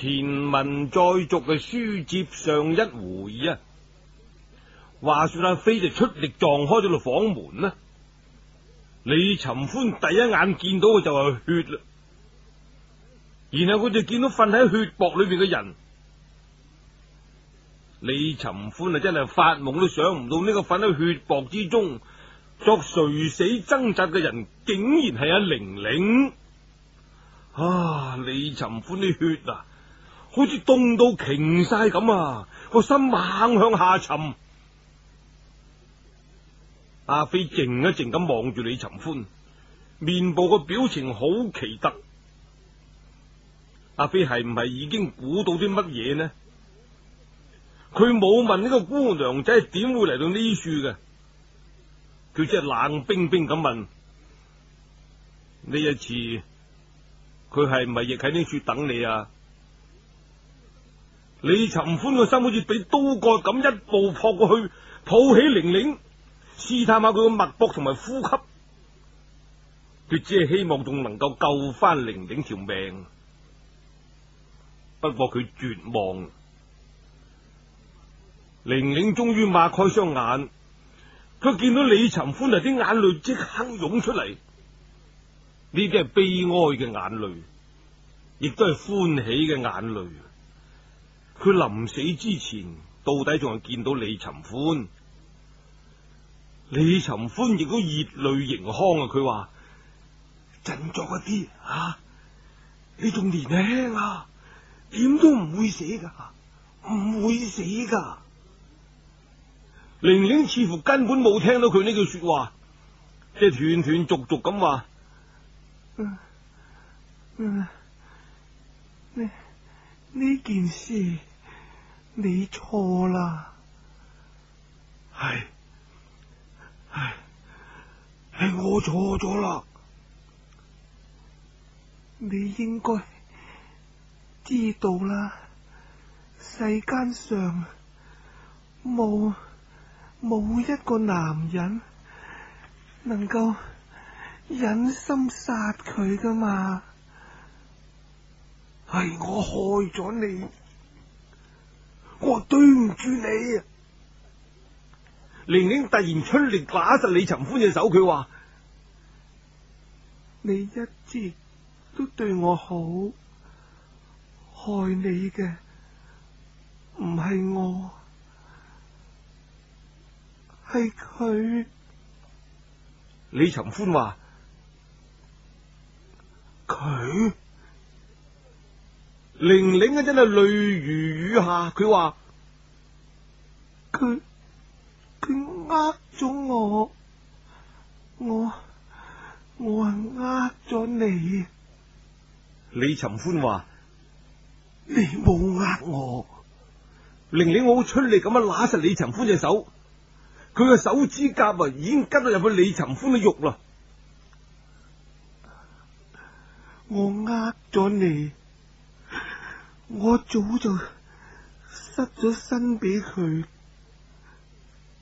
前文再續嘅書接上一回啊，話說阿、啊、飛就出力撞開咗個房門呢、啊。李尋歡第一眼見到嘅就係血啦，然後佢就見到瞓喺血泊裏邊嘅人。李尋歡啊，真係發夢都想唔到呢個瞓喺血泊之中作垂死掙扎嘅人，竟然係阿玲玲。啊，李尋歡啲血啊！好似凍到窮晒咁啊！個心猛向下沉。阿飛靜一靜咁望住李尋歡，面部個表情好奇特。阿飛係唔係已經估到啲乜嘢呢？佢冇問呢個姑娘仔點會嚟到呢處嘅，佢只係冷冰冰咁問：呢一次佢係唔係亦喺呢處等你啊？李尋歡個心好似俾刀割咁，一步撲過去抱起玲玲，試探下佢，個脈搏同埋呼吸。佢只係希望仲能夠救翻玲玲條命，不過佢絕望。玲玲終於擘開雙眼，佢見到李尋歡啊，啲眼淚即刻湧出嚟。呢啲係悲哀嘅眼淚，亦都係歡喜嘅眼淚。佢臨死之前到底仲係見到李尋歡？李尋歡亦都熱淚盈眶啊！佢話振作一啲啊！你仲年輕啊，點都唔會死噶，唔會死噶。玲玲似乎根本冇聽到佢呢句說話，即係斷斷續續咁話：，啊啊、嗯，呢、嗯、呢件事。你錯啦，係，係，係我錯咗啦。你應該知道啦，世間上冇冇一個男人能夠忍心殺佢㗎嘛，係我害咗你。我對唔住你，玲玲突然出力打實李尋歡嘅手，佢話：你一直都對我好，害你嘅唔係我，係佢。李尋歡話：佢。玲玲真係淚如雨下，佢話：佢佢呃咗我，我我係呃咗你。李尋歡話：你冇呃我，玲玲。我好出力咁樣拉實李尋歡隻手，佢嘅手指甲啊已經拮到入去李尋歡嘅肉啦。我呃咗你。我早就失咗身俾佢，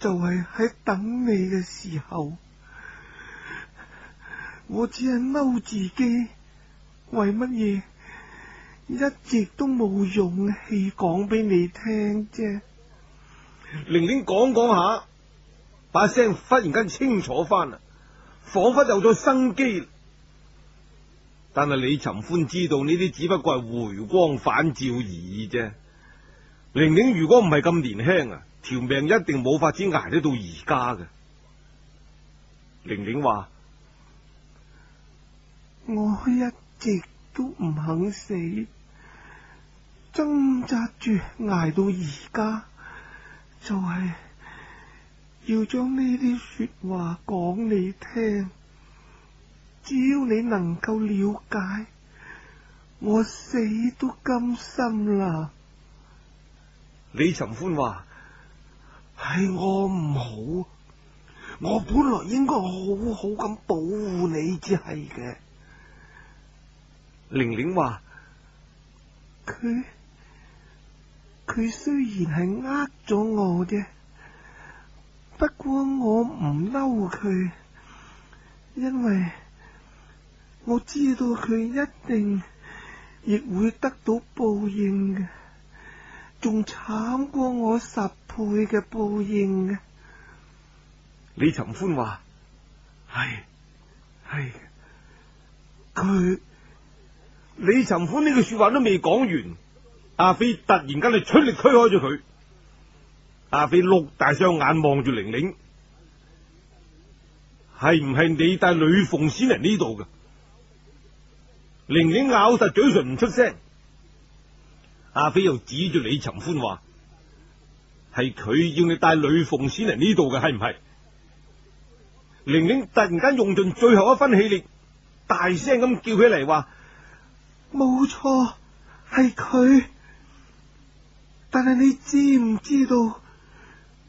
就係喺等你嘅時候，我只係嬲自己，為乜嘢一直都冇勇氣講俾你聽啫？玲玲講講下，把聲忽然間清楚翻啦，仿佛有咗生機。但係李尋歡知道呢啲只不過係回光返照而已啫。玲玲如果唔係咁年輕啊，條命一定冇法子挨得到而家嘅。玲玲話：我一直都唔肯死，掙扎住挨到而家，就係要將呢啲說話講你聽。只要你能夠了解，我死都甘心啦。李尋歡話：係我唔好，我本來應該好好咁保護你，只係嘅。玲玲話：佢佢雖然係呃咗我啫，不過我唔嬲佢，因為……我知道佢一定亦會得到報應嘅，仲慘過我十倍嘅報應嘅。李尋歡話：係係佢。李尋歡呢句說話都未講完，阿飛突然間就出力推開咗佢。阿飛碌大雙眼望住玲玲，係唔係你帶呂鳳先嚟呢度嘅？玲玲咬實嘴唇唔出聲，阿飛又指住李尋歡話：係佢要你帶呂鳳先嚟呢度嘅，係唔係？玲玲突然間用盡最後一分氣力，大聲咁叫起嚟話：冇錯，係佢。但係你知唔知道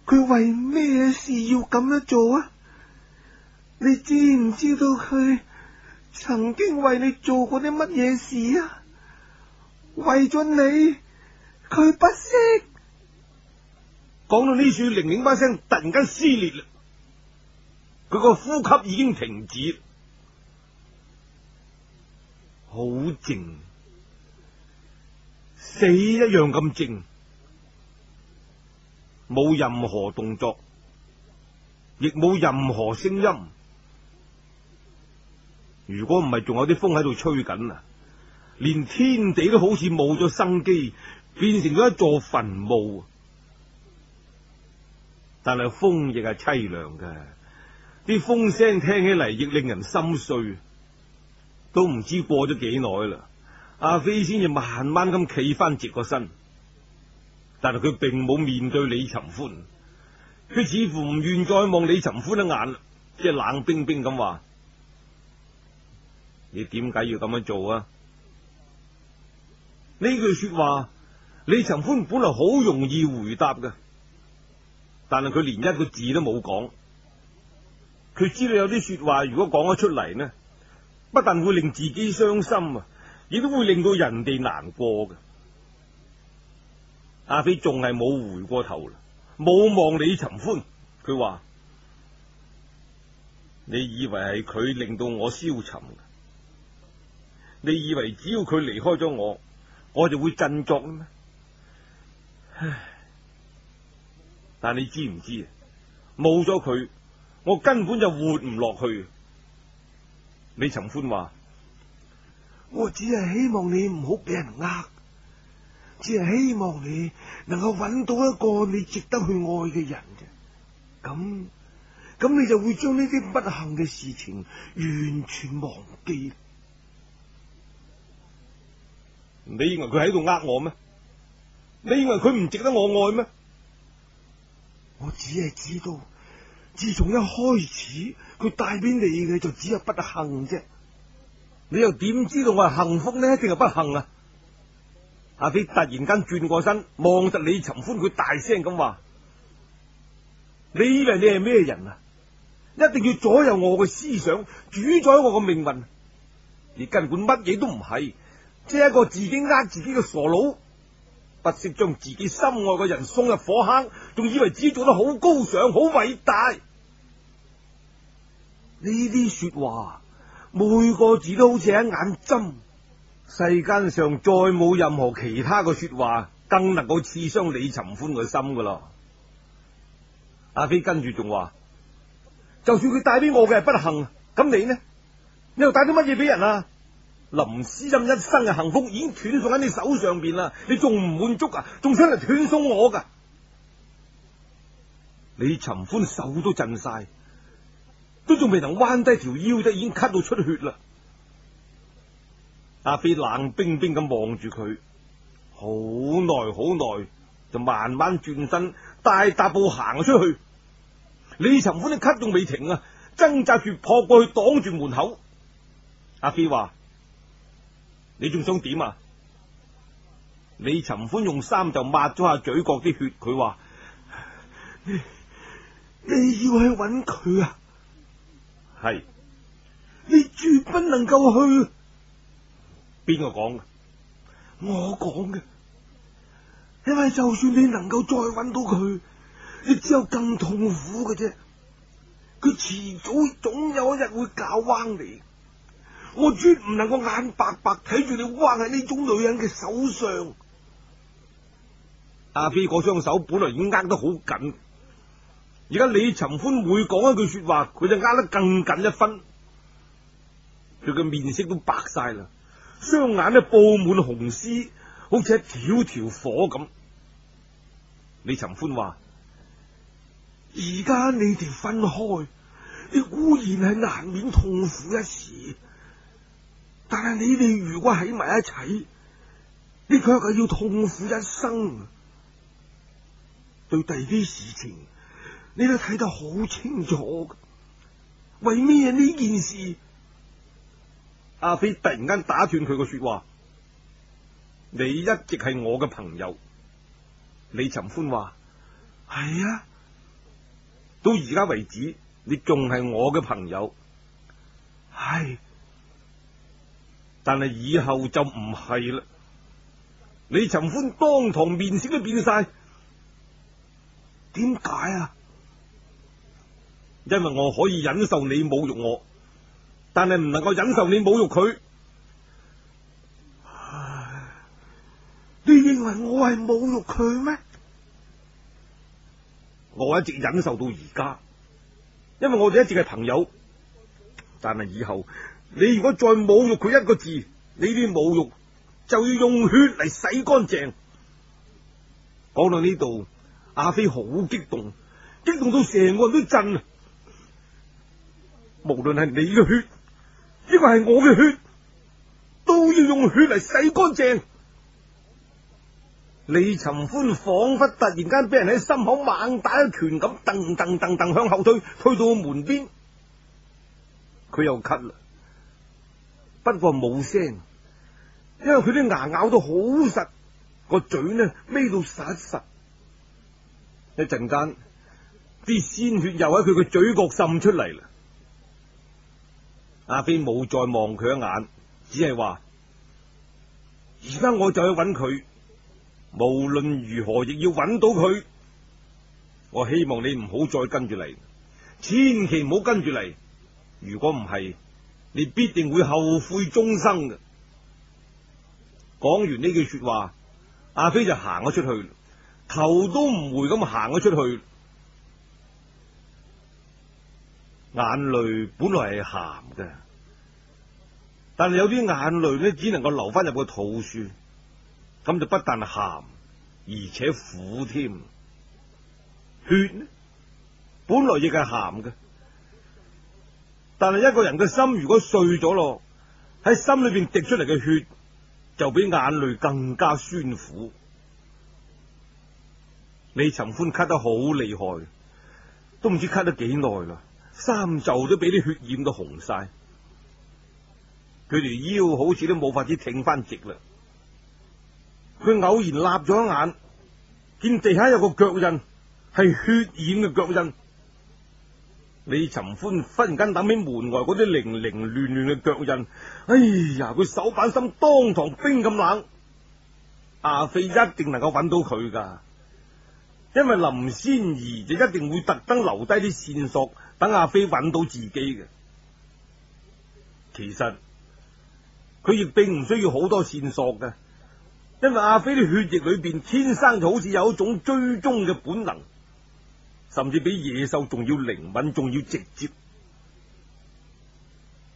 佢為咩事要咁樣做啊？你知唔知道佢？曾經為你做過啲乜嘢事啊？為咗你，佢不惜。講到呢處，玲玲把聲突然間撕裂了，佢個呼吸已經停止，好靜，死一樣咁靜，冇任何動作，亦冇任何聲音。如果唔係，仲有啲風喺度吹緊啊！連天地都好似冇咗生機，變成咗一座墳墓。但係風亦係淒涼嘅，啲風聲聽起嚟亦令人心碎。都唔知過咗幾耐啦，阿飛先至慢慢咁企返直個身，但係佢並冇面對李尋歡，佢似乎唔願再望李尋歡一眼，即係冷冰冰咁話。你點解要咁樣做啊？呢句說話，李尋歡本來好容易回答㗎，但係佢連一個字都冇講。佢知道有啲說話如果講咗出嚟呢，不但會令自己傷心，亦都會令到人哋難過㗎。阿飛仲係冇回過頭，冇望李尋歡。佢話：你以為係佢令到我消沉？你以為只要佢離開咗我，我就會振作咩？唉，但你知唔知冇咗佢，我根本就活唔落去。李尋歡話：我只係希望你唔好俾人呃，只係希望你能夠揾到一個你值得去愛嘅人嘅。咁咁，你就會將呢啲不幸嘅事情完全忘記。你以為佢喺度呃我咩？你以為佢唔值得我愛咩？我只係知道，自從一開始佢帶俾你嘅就只有不幸啫。你又點知道我係幸福呢？定係不幸啊？阿飛突然間轉過身，望實李尋歡，佢大聲咁話：你以為你係咩人啊？一定要左右我嘅思想，主宰我嘅命運？你根本乜嘢都唔係。即係一個自己呃自己嘅傻佬，不惜將自己心愛嘅人送入火坑，仲以為自己做得好高尚、好偉大。呢啲說話每個字都好似一眼針，世間上再冇任何其他嘅說話更能夠刺傷李尋歡嘅心噶啦。阿飛跟住仲話：就算佢帶俾我嘅係不幸，咁你呢？你又帶咗乜嘢俾人啊？林詩音一生嘅幸福已經斷送喺你手上邊啦，你仲唔滿足啊？仲想嚟斷送我噶？李尋歡手都震晒，都仲未能彎低條腰，就已經咳到出血啦。阿飛冷冰冰咁望住佢，好耐好耐就慢慢轉身，大踏步行咗出去。李尋歡一咳仲未停啊，掙扎住撲過去擋住門口。阿飛話。你仲想點啊？李尋歡用衫就抹咗下嘴角啲血，佢話：你要去揾佢啊？係是，你絕不能夠去。邊個講嘅？我講嘅。因為就算你能夠再揾到佢，你只有更痛苦嘅啫。佢遲早總有一日會搞彎你。我絕唔能夠眼白白睇住你屈喺呢種女人嘅手上。阿飛個雙手本來已經握得好緊，而家李尋歡每講一句說話，佢就握得更緊一分。佢嘅面色都白晒啦，雙眼都佈滿紅絲，好似一條條火咁。李尋歡話：而家你哋分開，你固然係難免痛苦一時。但係你哋如果喺埋一齊，你卻係要痛苦一生。對第二啲事情，你都睇得好清楚。為咩呢件事？阿飛突然間打斷佢個說話。你一直係我嘅朋友。李尋歡話：係啊，到而家為止，你仲係我嘅朋友。唉。但係以後就唔係啦。李尋歡當堂面色都變晒，點解啊？因為我可以忍受你侮辱我，但係唔能夠忍受你侮辱佢。唉，你認為我係侮辱佢咩？我一直忍受到而家，因為我哋一直係朋友，但係以後。你如果再侮辱佢一個字，你啲侮辱就要用血嚟洗乾淨。講到呢度，阿飛好激動，激動到成個人都震。無論係你嘅血，呢個係我嘅血，都要用血嚟洗乾淨。李尋歡仿佛突然間俾人喺心口猛打一拳咁，噔噔噔噔向後退，退到門邊，佢又咳啦。不過冇聲，因為佢啲牙咬到好實，個嘴呢眯到實實。一陣間啲鮮血又喺佢個嘴角滲出嚟啦。阿飛冇再望佢一眼，只係話：而家我就去揾佢，無論如何亦要揾到佢。我希望你唔好再跟住嚟，千祈唔好跟住嚟。如果唔係，你必定會後悔終生嘅。講完呢句說話，阿飛就行咗出去，頭都唔回咁行咗出去。眼淚本來係咸嘅，但係有啲眼淚呢，只能夠流翻入個肚度，咁就不但咸，而且苦添。血呢，本來亦係咸嘅。但係一個人嘅心如果碎咗咯，喺心裏邊滴出嚟嘅血就比眼淚更加酸苦。李尋歡咳，咳，咳得好厲害，都唔知咳咗幾耐啦，衫袖都俾啲血染到紅晒，佢條腰好似都冇法子挺翻直啦。佢偶然立咗一眼，見地下有個腳印，係血染嘅腳印。李尋歡忽然間諗起門外嗰啲零零亂亂嘅腳印，哎呀！佢手板心當堂冰咁冷。阿飛一定能夠揾到佢噶，因為林仙兒就一定會特登留低啲線索，等阿飛揾到自己嘅。其實佢亦並唔需要好多線索嘅，因為阿飛啲血液裏邊天生就好似有一種追蹤嘅本能。甚至比野獸仲要靈敏，仲要直接。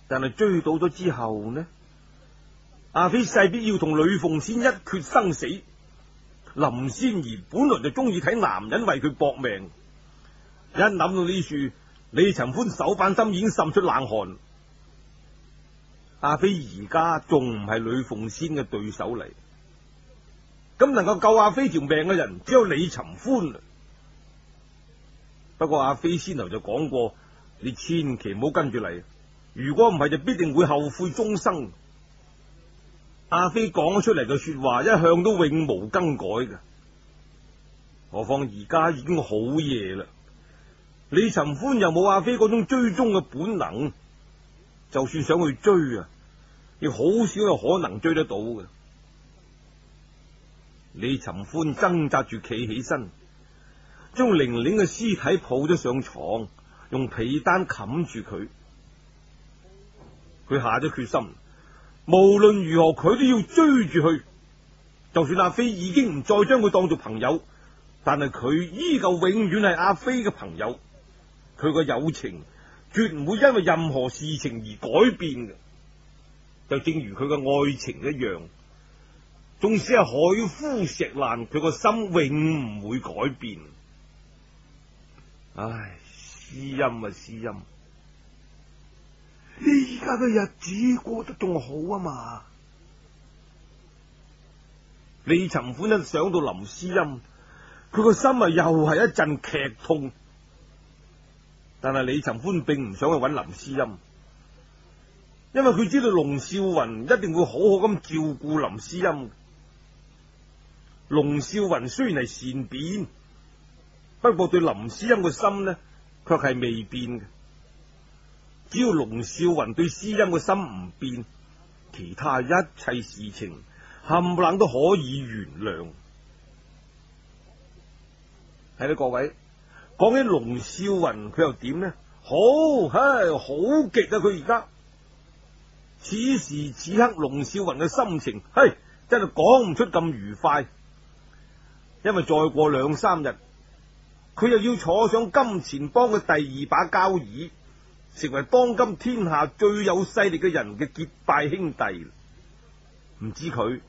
但係追到咗之後呢？阿飛勢必要同呂鳳仙一決生死。林仙兒本來就中意睇男人為佢搏命，一諗到呢處，李尋歡手板心已經滲出冷汗。阿飛而家仲唔係呂鳳仙嘅對手嚟？咁能夠救阿飛條命嘅人，只有李尋歡不過阿飛先頭就講過，你千祈唔好跟住嚟，如果唔係就必定會後悔終生。阿飛講出嚟嘅說話一向都永無更改嘅，何況而家已經好夜啦。李尋歡又冇阿飛嗰種追蹤嘅本能，就算想去追啊，亦好少有可能追得到嘅。李尋歡掙扎住企起身。將玲玲嘅屍體抱咗上床，用被單冚住佢。佢下咗決心，無論如何佢都要追住佢。就算阿飛已經唔再將佢當做朋友，但係佢依舊永遠係阿飛嘅朋友。佢個友情絕唔會因為任何事情而改變嘅，就正如佢嘅愛情一樣。縱使係海枯石爛，佢個心永唔會改變。唉，詩音啊詩音，呢家嘅日子過得仲好啊嘛！李尋歡一想到林詩音，佢個心又係一陣劇痛。但係李尋歡並唔想去揾林詩音，因為佢知道龍少雲一定會好好咁照顧林詩音。龍少雲雖然係善變。不過對林詩音個心呢，却係未變嘅。只要龍少雲對詩音個心唔變，其他一切事情冚唪唥都可以原諒。係啦，各位，講起龍少雲，佢又點呢？好，唉，好極啊！佢而家此時此刻，龍少雲嘅心情，嘿，真係講唔出咁愉快。因為再過兩三日，佢又要坐上金錢幫嘅第二把交椅，成為當今天下最有勢力嘅人嘅結拜兄弟。唔知佢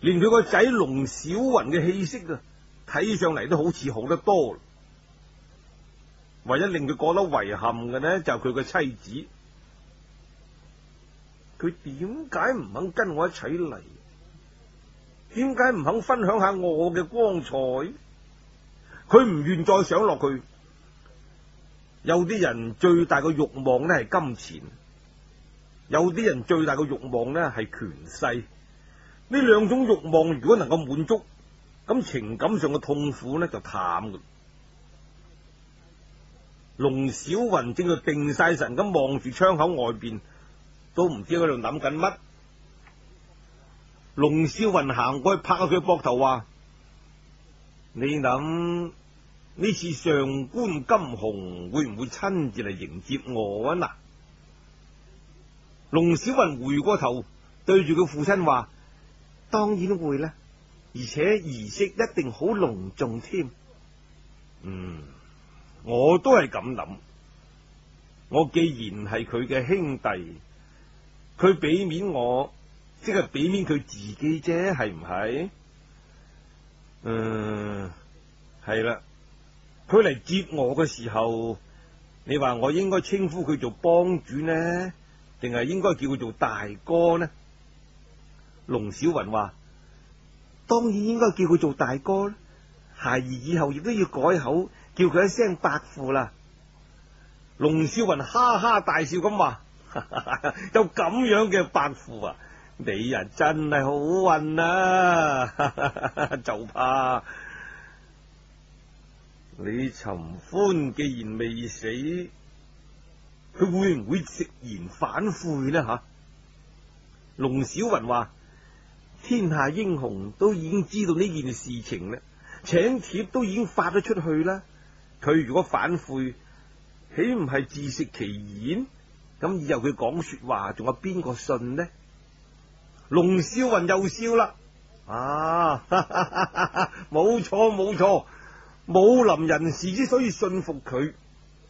連佢個仔龍小雲嘅氣息啊，睇上嚟，都好似好得多。唯一令佢覺得遺憾嘅呢，就係佢個妻子。佢點解唔肯跟我一齊嚟？點解唔肯分享下我嘅光彩？佢唔願再想落去。有啲人最大嘅欲望呢係金錢，有啲人最大嘅欲望呢係權勢。呢兩種欲望如果能夠滿足，咁情感上嘅痛苦呢就淡嘅。龍小雲正在定晒神咁望住窗口外邊，都唔知喺度諗緊乜。龍小雲行過去拍下佢膊頭話：，你諗？呢次上官金虹會唔會親自嚟迎接我啊？嗱，龍小雲回過頭對住佢父親話：當然會啦，而且儀式一定好隆重添。嗯，我都係咁諗。我既然係佢嘅兄弟，佢俾面我，即係俾面佢自己啫，係唔係？嗯，係啦。佢嚟接我嘅時候，你話我應該稱呼佢做幫主呢，定係應該叫佢做大哥呢？龍小雲話：當然應該叫佢做大哥啦，孩兒以後亦都要改口叫佢一聲伯父啦。龍少雲哈哈大笑咁話： 有咁樣嘅伯父啊，你呀真係好運啊！ 就怕。李尋歡既然未死，佢會唔會直言反悔呢？吓、啊，龍小雲話：天下英雄都已經知道呢件事情啦，請帖都已經發咗出去啦。佢如果反悔，豈唔係自食其言？咁以後佢講說話，仲有邊個信呢？龍小雲又笑啦，啊、哈哈哈哈、冇錯，冇錯。武林人士之所以信服佢，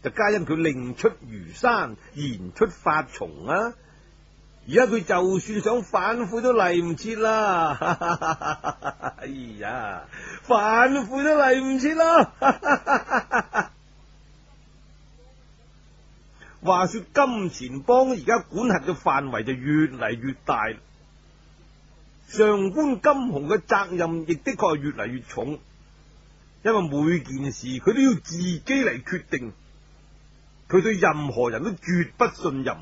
就皆因佢令出如山，言出法隨啊！而家佢就算想反悔都嚟唔切啦。 哎呀，反悔都嚟唔切啦！ 話說金錢幫而家管轄嘅範圍就越嚟越大，上官金虹嘅責任亦的確係越嚟越重。因為每件事佢都要自己嚟決定，佢對任何人都絕不信任。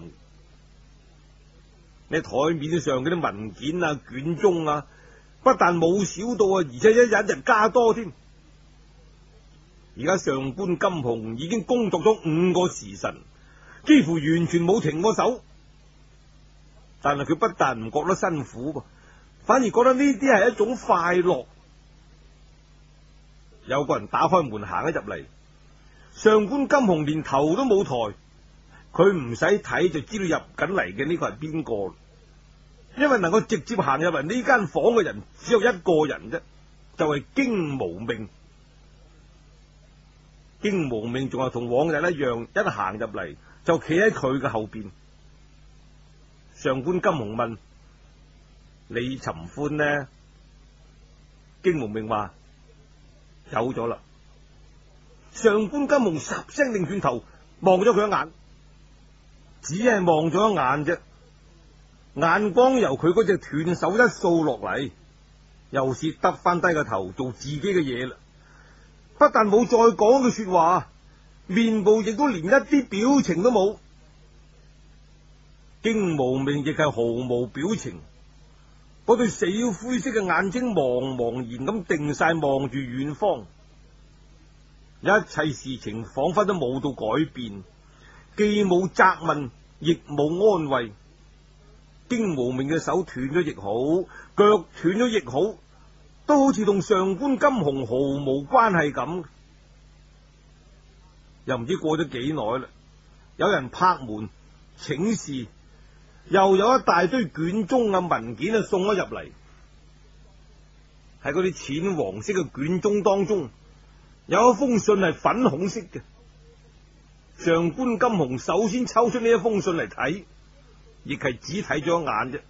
你台面上啲文件啊、卷宗啊，不但冇少到啊，而且一日一日加多添。而家上官金虹已經工作咗五個時辰，幾乎完全冇停過手。但係佢不但唔覺得辛苦噃，反而覺得呢啲係一種快樂。有個人打開門行咗入嚟，上官金鴻連頭都冇抬，佢唔使睇就知道入緊嚟嘅呢個係邊個，因為能夠直接行入嚟呢間房嘅人只有一個人啫，就係荊無命。荊無命仲係同往日一樣，一行入嚟就企喺佢嘅後邊。上官金鴻問：李尋歡呢？荊無命話。走咗啦！上官金虹十聲擰轉頭望咗佢一眼，只係望咗一眼啫。眼光由佢嗰隻斷手一掃落嚟，又是耷翻低個頭做自己嘅嘢啦。不但冇再講句說話，面部亦都連一啲表情都冇。荊無命亦係毫無表情。嗰對死灰色嘅眼睛，茫茫然咁定晒望住遠方，一切事情仿佛都冇到改變，既冇責問，亦冇安慰。荊無命嘅手斷咗亦好，腳斷咗亦好，都好似同上官金鴻毫無關係咁。又唔知過咗幾耐啦，有人拍門請示。又有一大堆卷宗嘅文件啊送咗入嚟。喺嗰啲淺黃色嘅卷宗當中，有一封信係粉紅色嘅。上官金鴻首先抽出呢一封信嚟睇，亦係只睇咗一眼啫。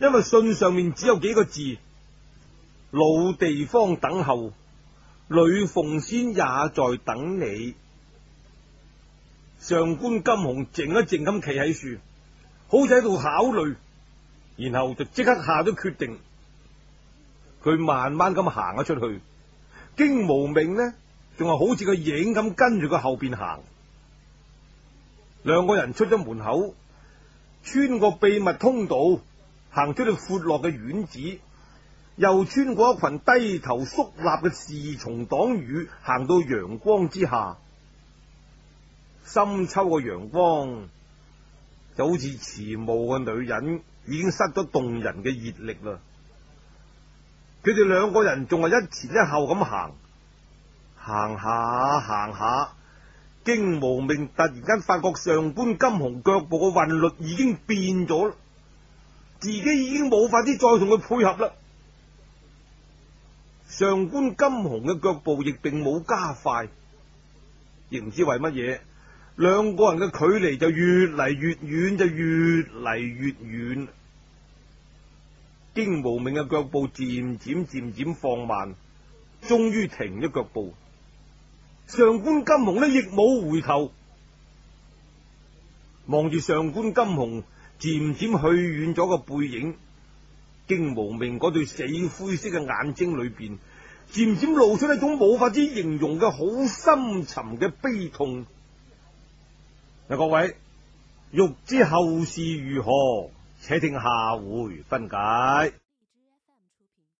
因為信上面只有幾個字：老地方等候，呂鳳先也在等你。上官金鴻靜一靜咁企喺度。好似喺度考慮，然後就即刻下咗決定。佢慢慢咁行咗出去，荊無命呢，仲係好似個影咁跟住佢後邊行。兩個人出咗門口，穿過秘密通道，行出條闊落嘅院子，又穿過一群低頭肅立嘅侍從擋雨，行到陽光之下，深秋嘅陽光。好似遲暮嘅女人，已經失咗動人嘅熱力啦。佢哋兩個人仲係一前一後咁行，行下行下，驚無命，突然間發覺上官金鴻腳步嘅韻律已經變咗，自己已經冇法子再同佢配合啦。上官金鴻嘅腳步亦並冇加快，亦唔知為乜嘢。兩個人嘅距離就越嚟越遠，就越嚟越遠。荊無命嘅腳步漸漸漸漸放慢，終於停咗腳步。上官金虹呢亦冇回頭，望住上官金虹漸漸去遠咗個背影。荊無命嗰對死灰色嘅眼睛裏邊，漸漸露出一種無法之形容嘅好深沉嘅悲痛。嗱，各位，欲知後事如何，且聽下回分解。